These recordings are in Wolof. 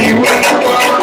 You were the one.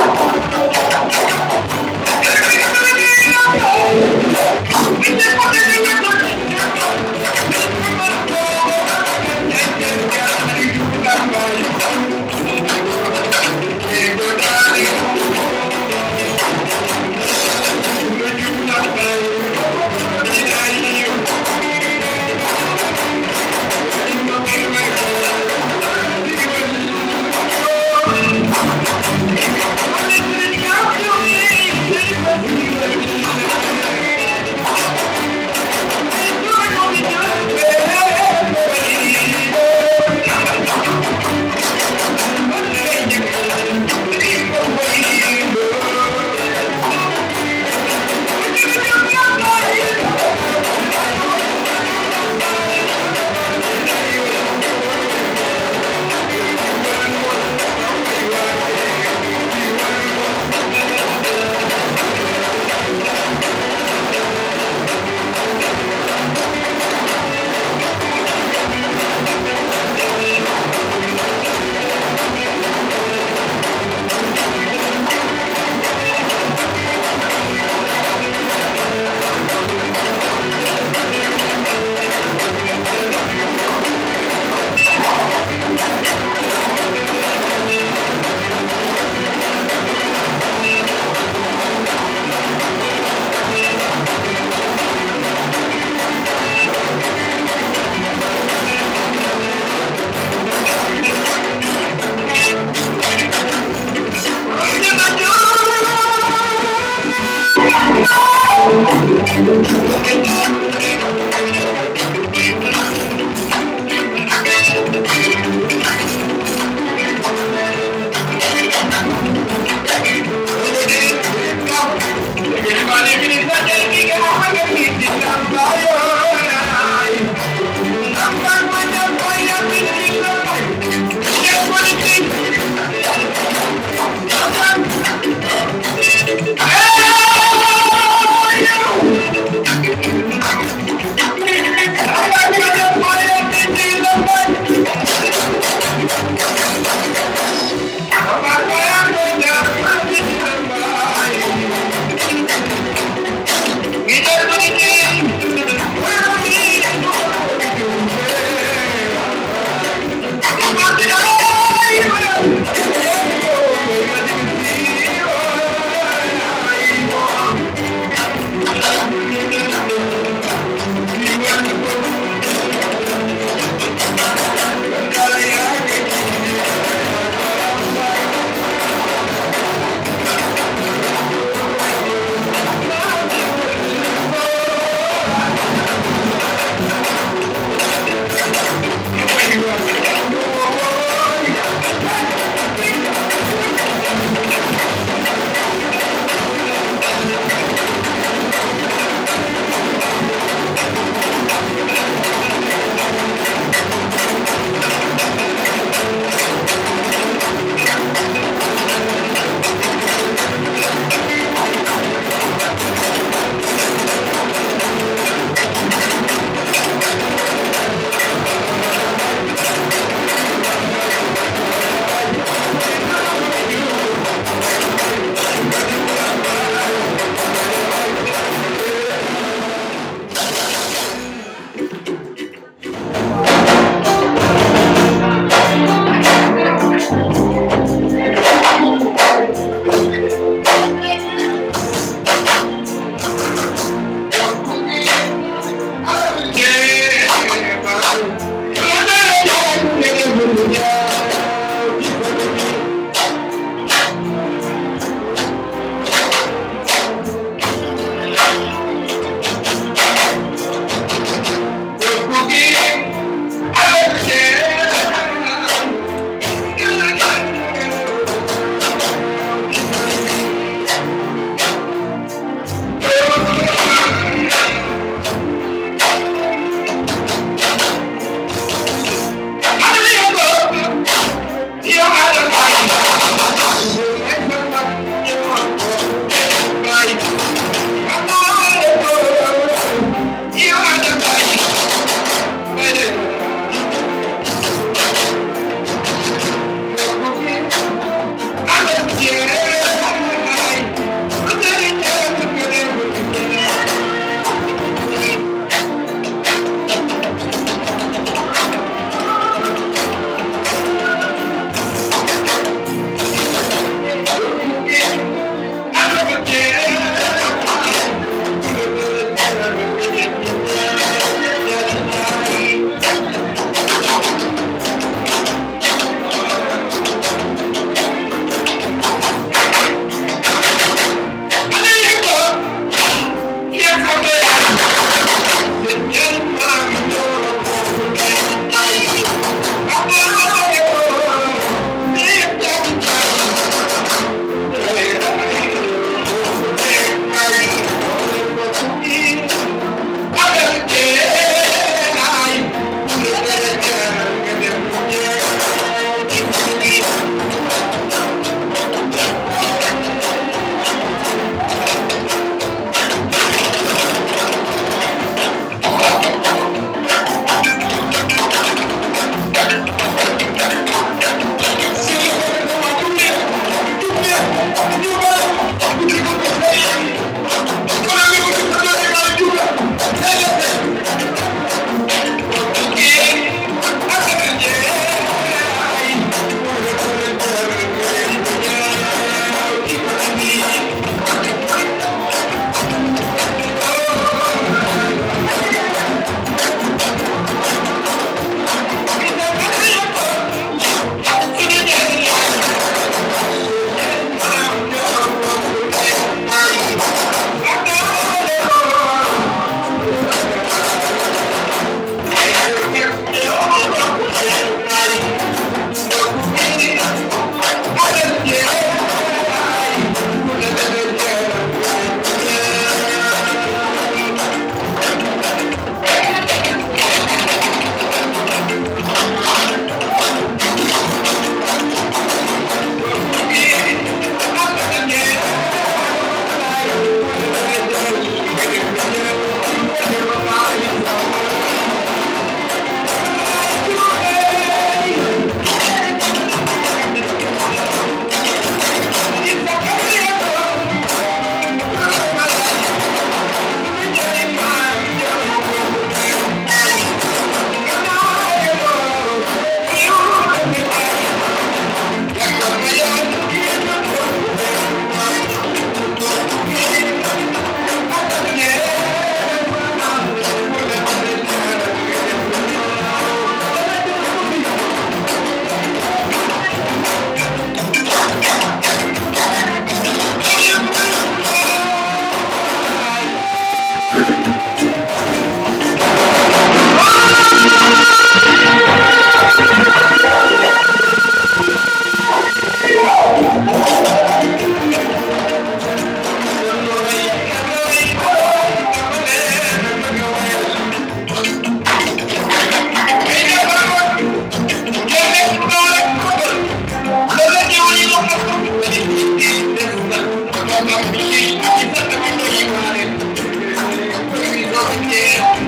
Yeah.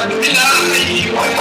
Thank you.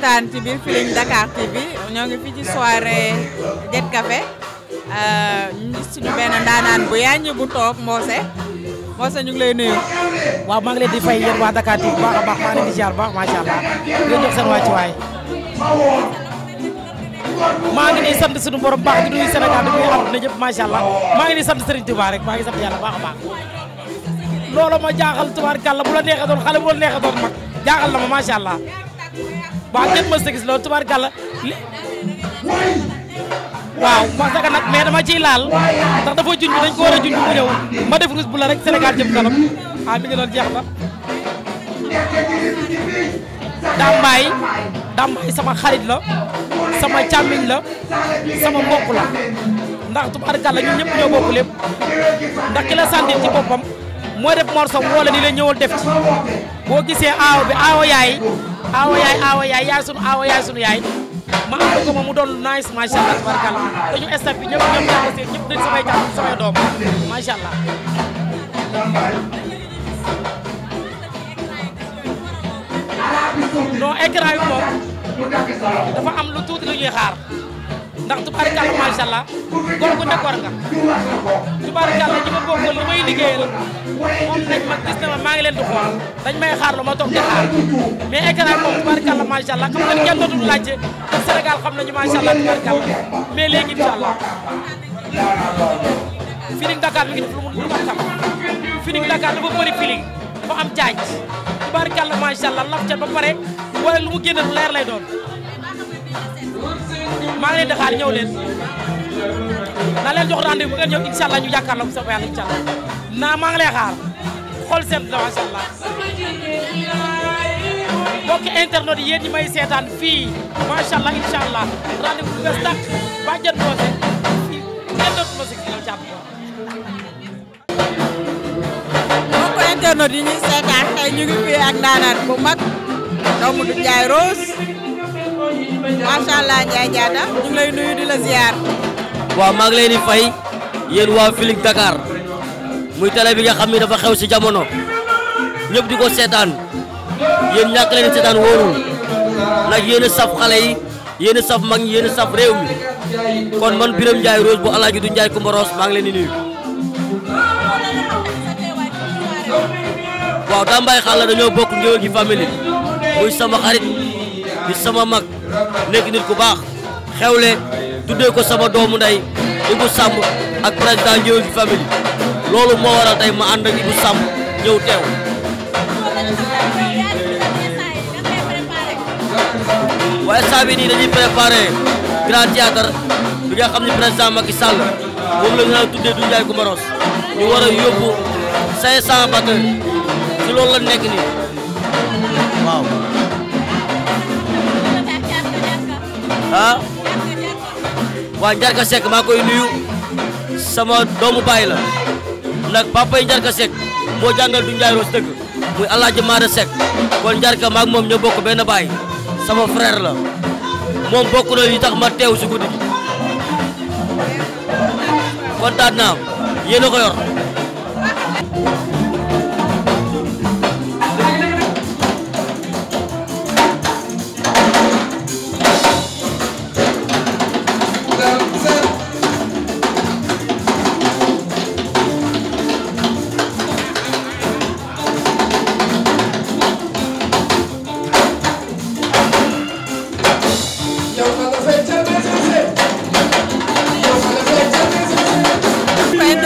seetaan ci biir Feeling Dakar TV ñoo ngi fi ci Jet Café euh, ñu gis suñu benn ndaanaan bu yaaññi bu toog Mbose Mbose ñu ngi lay nuyu. waaw maa ngi leen di fay yéen waa Dakar TV bu baax a baax maa ngi allah di jox seen waa ci waay. maa ngi nii sant suñu borom baax di nuyu Sénégal di nuyu àdduna ñëpp macha allah maa ngi nii sant Serigne Touba rek maa ngi sant yàlla baax a baax. loolu ma jaaxal tubaarkàlla bu waaw kenn mës a gis loolu tubaarkàlla waaw wax dëgg nag mais dama ciy laal ndax dafa junj dañ ko war a junj mu ñëw ma def ruus bu la rek Sénégal jëm kanam ah mi ngi doon jeex na. Dambaay Dambaay sama xarit la sama càmmiñ la sama mbokk la ndax tubaarkàlla ñun ñëpp ñoo bokk lépp ndax ki la santir ci boppam moo def woo la ni la ñëwal def boo gisee aaw bi aaw yaay. aawa yaay aawa yaay yaay sunu aawa yaay sunu yaay ma ànd ko moom mu doon nice macha allah tabarakalla te ñu staff bi ñëpp ñoom ñoo aussi ñëpp dañ samay jàpp samay doom macha allah. non écran yi moom dafa am lu tuuti lu ñuy xaar. ndax tubaarkàlla macha allah góor gu nekk war nga tubaarkàlla ñi ma bokkal li may liggéeyal ma gis na ma maa ngi leen di xool dañ may xaar lu ma toog di xaar mais écran moom tubaarkàlla macha allah xam nga kenn dootul laajte te Sénégal xam nañu macha allah tubaarkàlla mais mi ngi def lu mu lu mu xam filing Dakar dafa bëri am jaaj tubaarkàlla macha allah laf ca ba pare wala lu mu génn maa ngi leen di xaar ñëw leen naa leen jox rendez-vous bu ngeen ñëw incha allah ñu jàkkaarloo bu soobee yàlla incha maa ngi xaar xool seen la macha allah internet yi yéen may seetaan fii macha allah incha allah rendez-vous bu bees tàkk bàjjen Brosse fii kenn dootu ma si kii jàpp mbokki internet yi ñuy seetaan tey ñu ngi fii ak ndaanaan bu mag doomu du Ndiaye Rose. macha allah waaw maa ngi leen di fay yéen waa Feeling Dakar muy télé bi nga xam ni dafa xew si jamono ñëpp di ko seetaan yéen ñàkk leen seetaan wóorul nag yéen a saf xale yi yéen a saf mag ñi yéen saf réew mi kon man Birame Ndiaye Rose bu Alaaji du Ndiaye Coumba Rose maa ngi leen di nuyu. waaw Dame Mbaye dañoo bokk ngéwél gi famille muy sama xarit di sama mag. nekk nit ku baax xewle tuddee ko sama doomu nday Ibou Samb ak président Ndiéwène bi famille loolu moo waral tey ma ànd ak Ibou Samb ñëw teew waaye saa bi nii dañuy préparé grand théâtre bi nga xam ne président Macky Sall moom la ñu naan tuddee du Ndiaye Coumba Rose ñu war yóbbu 500 batteurs ci loolu nekk nii waaw ah waa Njarka Seck maa koy nuyu sama doomu baay la nag papa yi Njarka Seck moo jàngal du Ndiaye Rose dëgg muy El Hadj Mara Seck kon Njarka maak moom ñoo bokk benn baay sama frère la moom bokk na li tax ma teew si guddi gi kontaan naa yéen ko yor.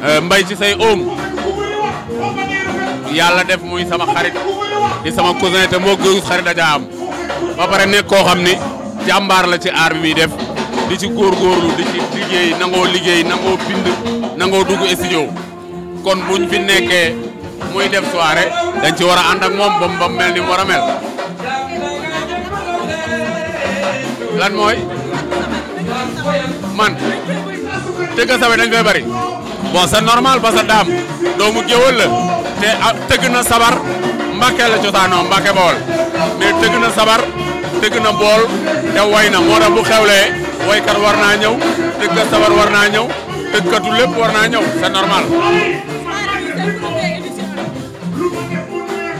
Euh, mbay ci say oom yàlla def muy sama xarit di sama cousin te moo gënu xarit da caa am ba pare nekk koo xam ni jàmbaar la ci aar bi muy def di ci góorgóorlu di ci liggéey nangoo liggéey nangoo bind nangoo dugg studio kon buñ fi muy def soirée dañ ci war a ànd ak moom ba mu mel ni mu war a mel lan mooy man. tëgg sabar dañ fay bari bon c'est normal parce que daam doomu géwël la te ah, tëgg na sabar Mbàkke cosaanoo Mbàkke Bawol tëgg na sabar tëgg na bool te way na moo tax bu xewlee waykat war naa ñëw tëgg sabar war naa ñëw tëggkatu lépp war naa ñëw c'est normal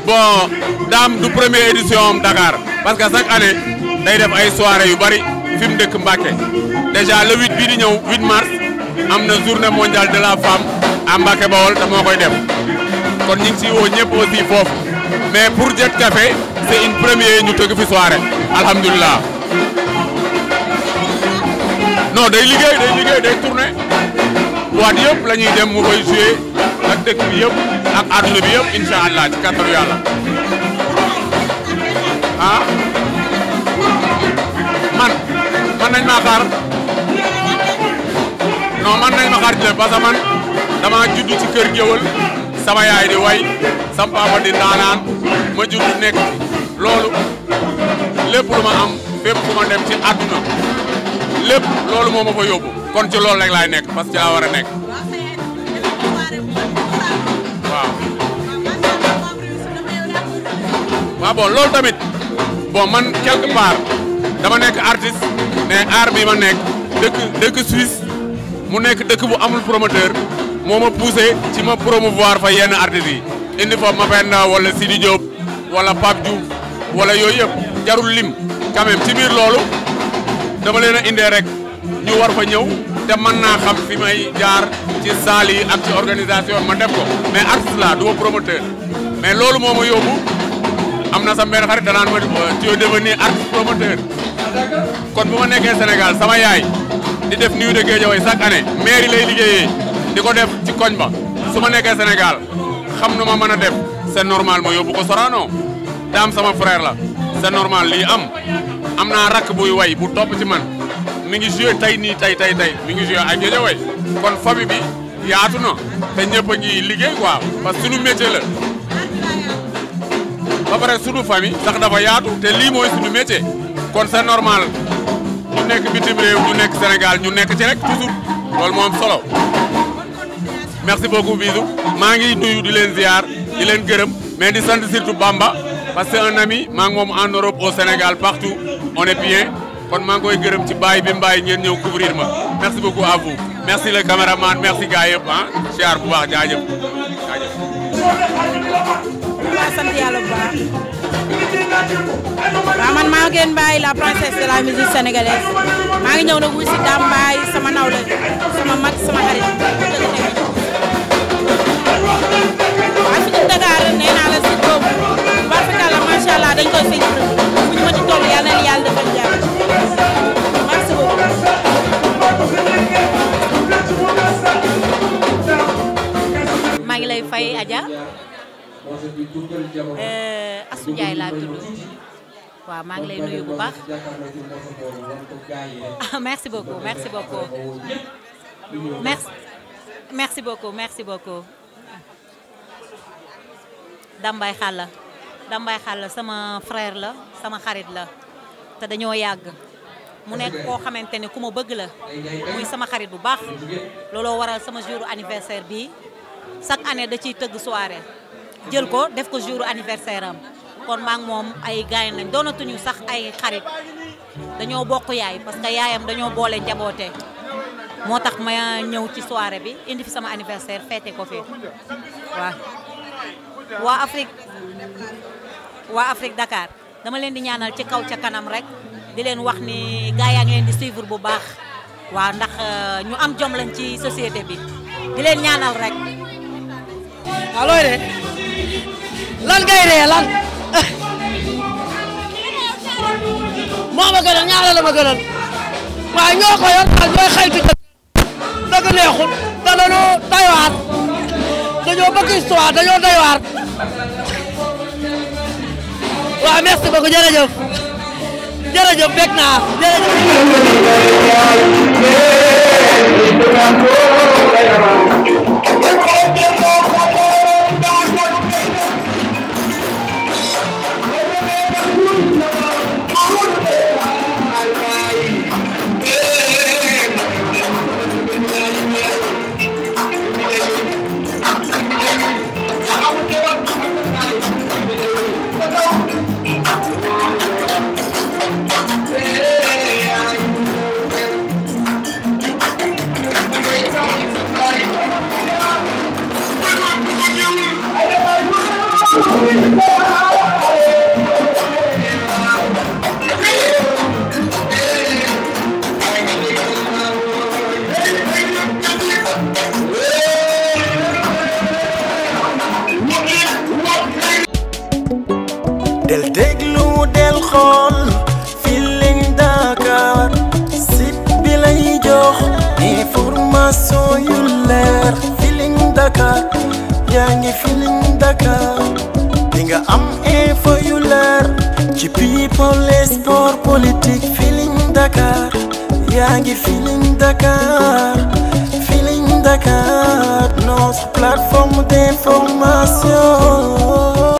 bon daam du première édition am Dakar parce que chaque ay soirée yu bari fi mu dëkk Mbacké déjà le 8 bii di ñëw 8 am na ne mondiale de la femme à Mbacké Bawol te moo koy dem kon ñu ngi siy woo ñëpp aussi foofu mais pour Jet Café c'est une première ñu tëgg fi soirée alhamdulilah non day liggéey day liggéey day tourner boîte yëpp lañuy ñuy dem mu koy jouer ak dëkk bi yëpp ak àdduna bi yëpp incha allah ci kàttanu yàlla ah. nañ maa man nañ ma xaar ci man dama judd ci kër géwël sama yaay di way sama papa di naanaan ma judd nekk loolu lépp lu ma am fépp fu ma dem ci àdduna lépp loolu moo fa yóbbu kon ci loolu rek laay nekk parce que ci laa nekk waaw waaw bon loolu tamit bon man quelque part dama nekk artiste mais aar bi ma nekk dëkk dëkk Suisse mu nekk dëkk bu amul promoteur moo ma poussé ci ma promouvoir fa yenn artistes yi indi fa Mapenda wala Sidi Diop wala Pape Diouf wala yooyu yëpp jarul lim quand même ci biir loolu dama leen indee rek ñu war fa ñëw te man naa xam fi may jaar ci saal ak ci organisation ma def ko mais artiste la du ma promoteur mais loolu moomu ma am na sa benn xarit danaan ma euh, tu es devenu kon bu ma nekkee Sénégal sama yaay di def Nuit de Guédiawaye chaque année maire liggéeyee di ko def ci koñ ba su ma nekkee Sénégal xam nu ma mën a def c'est normal ma yóbbu ko Sorano daam sama frère la c'est normal lii am am naa rakk buy way bu topp ci man mi ngi joué tey nii tay tey tey mi ngi joué ak Guédiawaye kon famille bi yaatu na te ñëpp a liggéey quoi parce que suñu métier la ba pare suñu famille sax yaatu te lii mooy suñu métier. kon c'est normal ñu nekk bitim réew nekk Sénégal ñu nekk ci rek loolu moo am solo merci beaucoup bisou maa ngi nuyu di leen ziar di leen gërëm mais di sant surtout Bamba parce que un ami maa ngi moom en Europe au Sénégal partout on kon maa ngi gërëm ci bàyyi bi mbaay ngeen ñëw couvrir ma merci beaucoup à vous merci le caméraman merci gars yëpp ah ziar bu baax jaajëf jaajëf. sant yàlla bu baax. waaw man maa ngeen bàyyi la princesse de la musique sénégalaise maa ngi ñëw nag wuy si Dame Mbaye sama nawle sama mag sama xarit waaw maa ngi lay nuyu bu baax ah, merci beaucoup merci beaucoup merci merci beaucoup merci beaucoup Dambay Xalla Dambay sama freer la sama xarit la te dañoo yàgg mu nekk koo xamante ne ku ma bëgg la muy sama xarit bu baax looloo waral sama jour anniversaire bi chaque année da ciy tëgg soirée jël ko def ko jour anniversaire am kon maa moom ay gaay nañ doonatuñu sax ay xarit dañoo bokk yaay parce que yaayam dañoo boole njaboote moo tax ma ñëw ci soirée bi indi fi sama anniversaire feete ko fi waaw. waa Afrique waa Afrique Dakar dama leen di ñaanal ci kaw ca kanam rek di leen wax ni gaay yaa ngi leen di suivre bu baax waaw ndax euh, ñu am jom lañ ci société bi di leen ñaanal rek. waaw de lan ngay ree lan. moo ma gënal ñaareel la ma gënal waaye ñoo ko yor daal ñooy xaytu jël dëgg neexul te dañoo doywaar dañoo bëgg histoire dañoo doywaar waaw merci beaucoup jërëjëf jërëjëf fekk naa jërëjëf. people et sport politique Feeling Dakar yaa ngi Feeling Dakar Feeling Dakar notre plateforme d'information